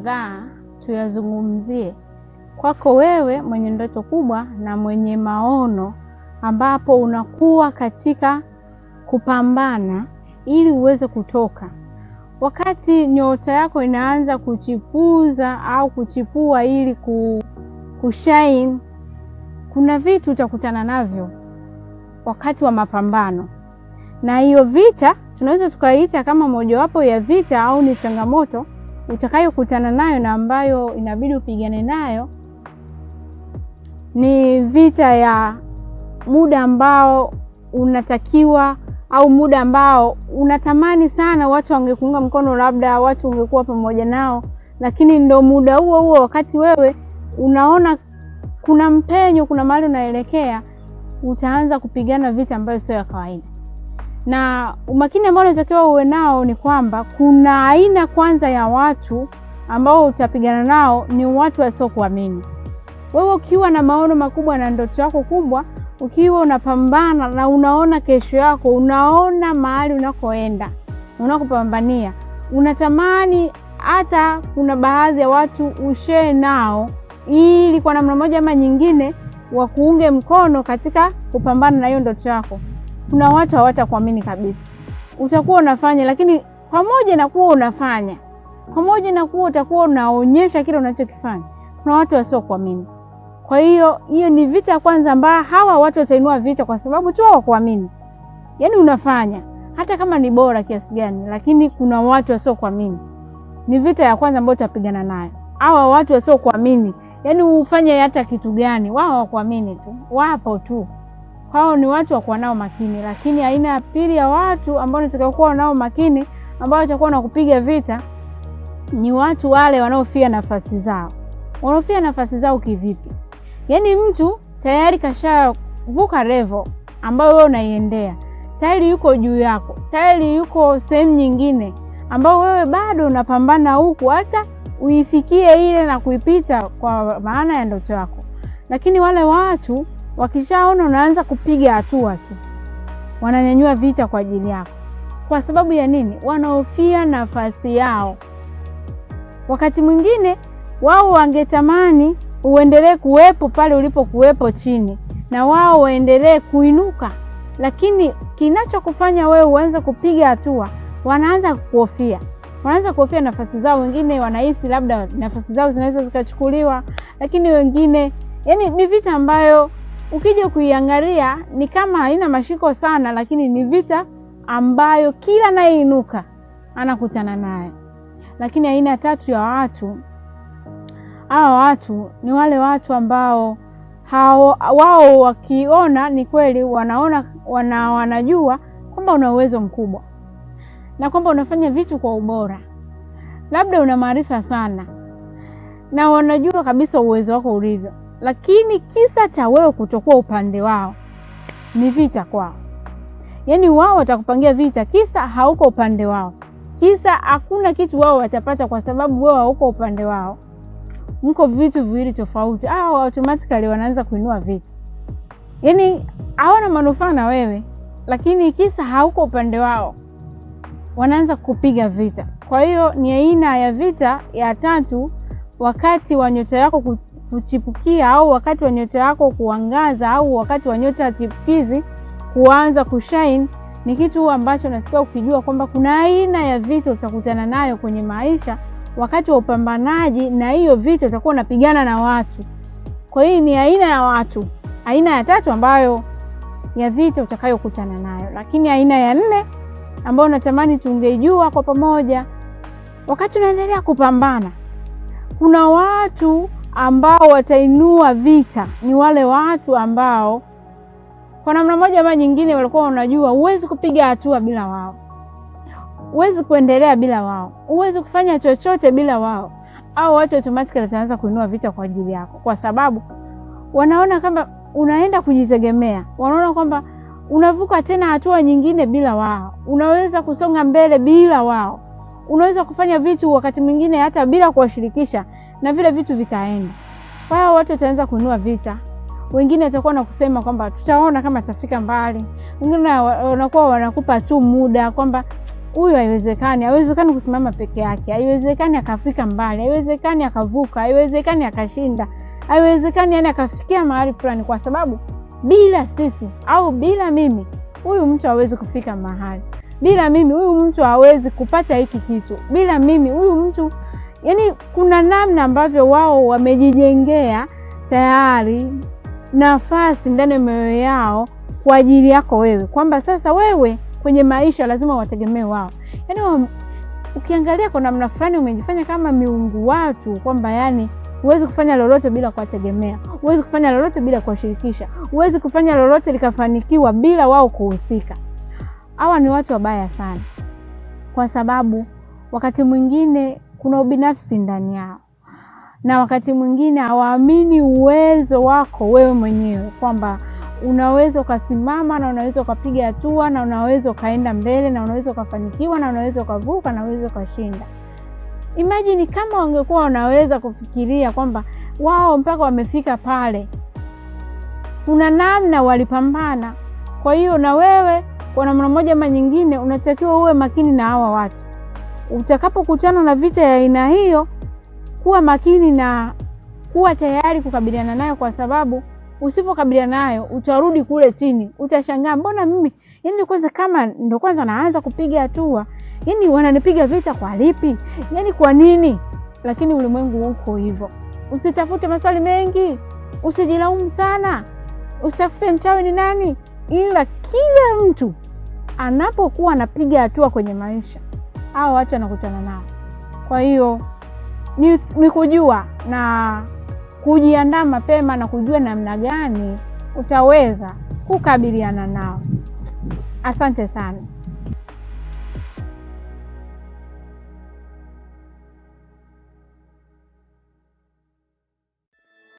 kadhaa tuyazungumzie kwako wewe mwenye ndoto kubwa na mwenye maono, ambapo unakuwa katika kupambana ili uweze kutoka. Wakati nyota yako inaanza kuchipuza au kuchipua ili kushine, kuna vitu utakutana navyo wakati wa mapambano, na hiyo vita tunaweza tukaiita kama mojawapo ya vita au ni changamoto utakayokutana nayo na ambayo inabidi upigane nayo ni vita ya muda ambao unatakiwa au muda ambao unatamani sana watu wangekuunga mkono, labda watu ungekuwa pamoja nao, lakini ndo muda huo huo wakati wewe unaona kuna mpenyo, kuna mahali unaelekea, utaanza kupigana vita ambayo sio ya kawaida na umakini ambao unatakiwa uwe nao ni kwamba kuna aina kwanza ya watu ambao utapigana nao, ni watu wasiokuamini wewe. Ukiwa na maono makubwa na ndoto yako kubwa, ukiwa unapambana na unaona kesho yako, unaona mahali unakoenda, unakopambania, unatamani hata kuna baadhi ya watu ushee nao, ili kwa namna moja ama nyingine wakuunge mkono katika kupambana na hiyo ndoto yako kuna watu hawatakuamini kabisa. Utakuwa unafanya lakini, pamoja na kuwa unafanya, pamoja na kuwa utakuwa unaonyesha kile unachokifanya, kuna watu wasiokuamini. Kwa hiyo hiyo ni vita kwanza, ambayo hawa watu watainua vita kwa sababu tu hawakuamini. Yaani unafanya hata kama ni bora kiasi gani, lakini kuna watu wasiokuamini. Ni vita ya kwanza ambayo utapigana nayo, hawa watu wasiokuamini. Yaani ufanye hata kitu gani, wao hawakuamini tu, wapo tu hao ni watu wakuwa nao makini, lakini aina ya pili ya watu ambao kuwa nao makini, ambao watakuwa na kupiga vita ni watu wale wanaofia nafasi zao. Wanaofia nafasi zao kivipi? Yaani mtu tayari kashavuka level ambayo wewe unaiendea, tayari yuko juu yako, tayari yuko sehemu nyingine ambao wewe bado unapambana huku hata uifikie ile na kuipita kwa maana ya ndoto yako, lakini wale watu Wakishaona unaanza kupiga hatua tu, wananyanyua vita kwa ajili yako. Kwa sababu ya nini? Wanahofia nafasi yao. Wakati mwingine wao wangetamani uendelee kuwepo pale ulipokuwepo chini, na wao waendelee kuinuka, lakini kinachokufanya wewe uanze kupiga hatua, wanaanza kuhofia, wanaanza kuhofia nafasi zao. Wengine wanahisi labda nafasi zao zinaweza zikachukuliwa, lakini wengine, yani ni vita ambayo ukija kuiangalia ni kama haina mashiko sana, lakini ni vita ambayo kila anayeinuka anakutana naye. Lakini aina tatu ya watu, hawa watu ni wale watu ambao hao wao wakiona ni kweli, wanaona wana, wanajua kwamba una uwezo mkubwa na kwamba unafanya vitu kwa ubora, labda una maarifa sana na wanajua kabisa uwezo wako ulivyo lakini kisa cha wewe kutokuwa upande wao ni vita kwao. Yaani wao watakupangia vita, kisa hauko upande wao, kisa hakuna kitu wao watapata, kwa sababu wewe hauko upande wao. Mko vitu viwili tofauti, ah, automatically wanaanza kuinua vita, yaani hawana manufaa na wewe, lakini kisa hauko upande wao, wanaanza kupiga vita. Kwa hiyo ni aina ya vita ya tatu, wakati wa nyota yako kuchipukia au wakati wa nyota yako kuangaza au wakati wa nyota chipukizi kuanza kushine ni kitu ambacho nasikia ukijua kwamba kuna aina ya vita utakutana nayo kwenye maisha wakati wa upambanaji, na hiyo vita utakuwa unapigana na watu. Kwa hiyo ni aina ya watu, aina ya tatu ambayo ya vita utakayokutana nayo. Lakini aina ya nne ambayo natamani tungeijua kwa pamoja, wakati unaendelea kupambana, kuna watu ambao watainua vita ni wale watu ambao kwa namna moja ama nyingine walikuwa wanajua huwezi kupiga hatua bila wao, huwezi kuendelea bila wao, huwezi kufanya chochote bila wao. Au watu automatically wataanza kuinua vita kwa ajili yako, kwa sababu wanaona kama unaenda kujitegemea, wanaona kwamba unavuka tena hatua nyingine bila wao, unaweza kusonga mbele bila wao, unaweza kufanya vitu wakati mwingine hata bila kuwashirikisha, na vile vitu vitaenda. Kwa hiyo watu wataanza kunua vita, wengine watakuwa na kusema kwamba tutaona kama tafika mbali, wengine wanakuwa wanakupa tu muda kwamba huyu haiwezekani, haiwezekani kusimama peke yake, haiwezekani akafika mbali, haiwezekani akavuka, haiwezekani akashinda, haiwezekani yani akafikia mahali fulani, kwa sababu bila sisi au bila mimi huyu mtu hawezi kufika mahali, bila mimi huyu mtu hawezi kupata hiki kitu, bila mimi huyu mtu yani kuna namna ambavyo wao wamejijengea tayari nafasi ndani ya mioyo yao kwa ajili yako wewe, kwamba sasa wewe kwenye maisha lazima wategemee wao. Yani ukiangalia kwa namna fulani umejifanya kama miungu watu, kwamba yani huwezi kufanya lolote bila kuwategemea, huwezi kufanya lolote bila kuwashirikisha, huwezi kufanya lolote likafanikiwa bila wao kuhusika. Hawa ni watu wabaya sana, kwa sababu wakati mwingine kuna ubinafsi ndani yao, na wakati mwingine hawaamini uwezo wako wewe mwenyewe kwamba unaweza ukasimama na unaweza ukapiga hatua na unaweza ukaenda mbele na unaweza ukafanikiwa na unaweza ukavuka na unaweza ukashinda. Imajini kama wangekuwa wanaweza kufikiria kwamba wao mpaka wamefika pale, kuna namna walipambana. Kwa hiyo na wewe kwa namna moja ama nyingine unatakiwa uwe makini na hawa watu. Utakapokutana na vita ya aina hiyo, kuwa makini na kuwa tayari kukabiliana nayo, kwa sababu usipokabiliana nayo utarudi kule chini. Utashangaa, mbona mimi yani, kwanza kama ndo kwanza naanza kupiga hatua, yani wananipiga vita kwa lipi? Yani kwa nini? Lakini ulimwengu uko hivyo. Usitafute maswali mengi, usijilaumu sana, usitafute mchawi ni nani, ila kila mtu anapokuwa anapiga hatua kwenye maisha hao watu wanakutana nao. Kwa hiyo ni, ni kujua na kujiandaa mapema na kujua namna gani utaweza kukabiliana nao. Asante sana.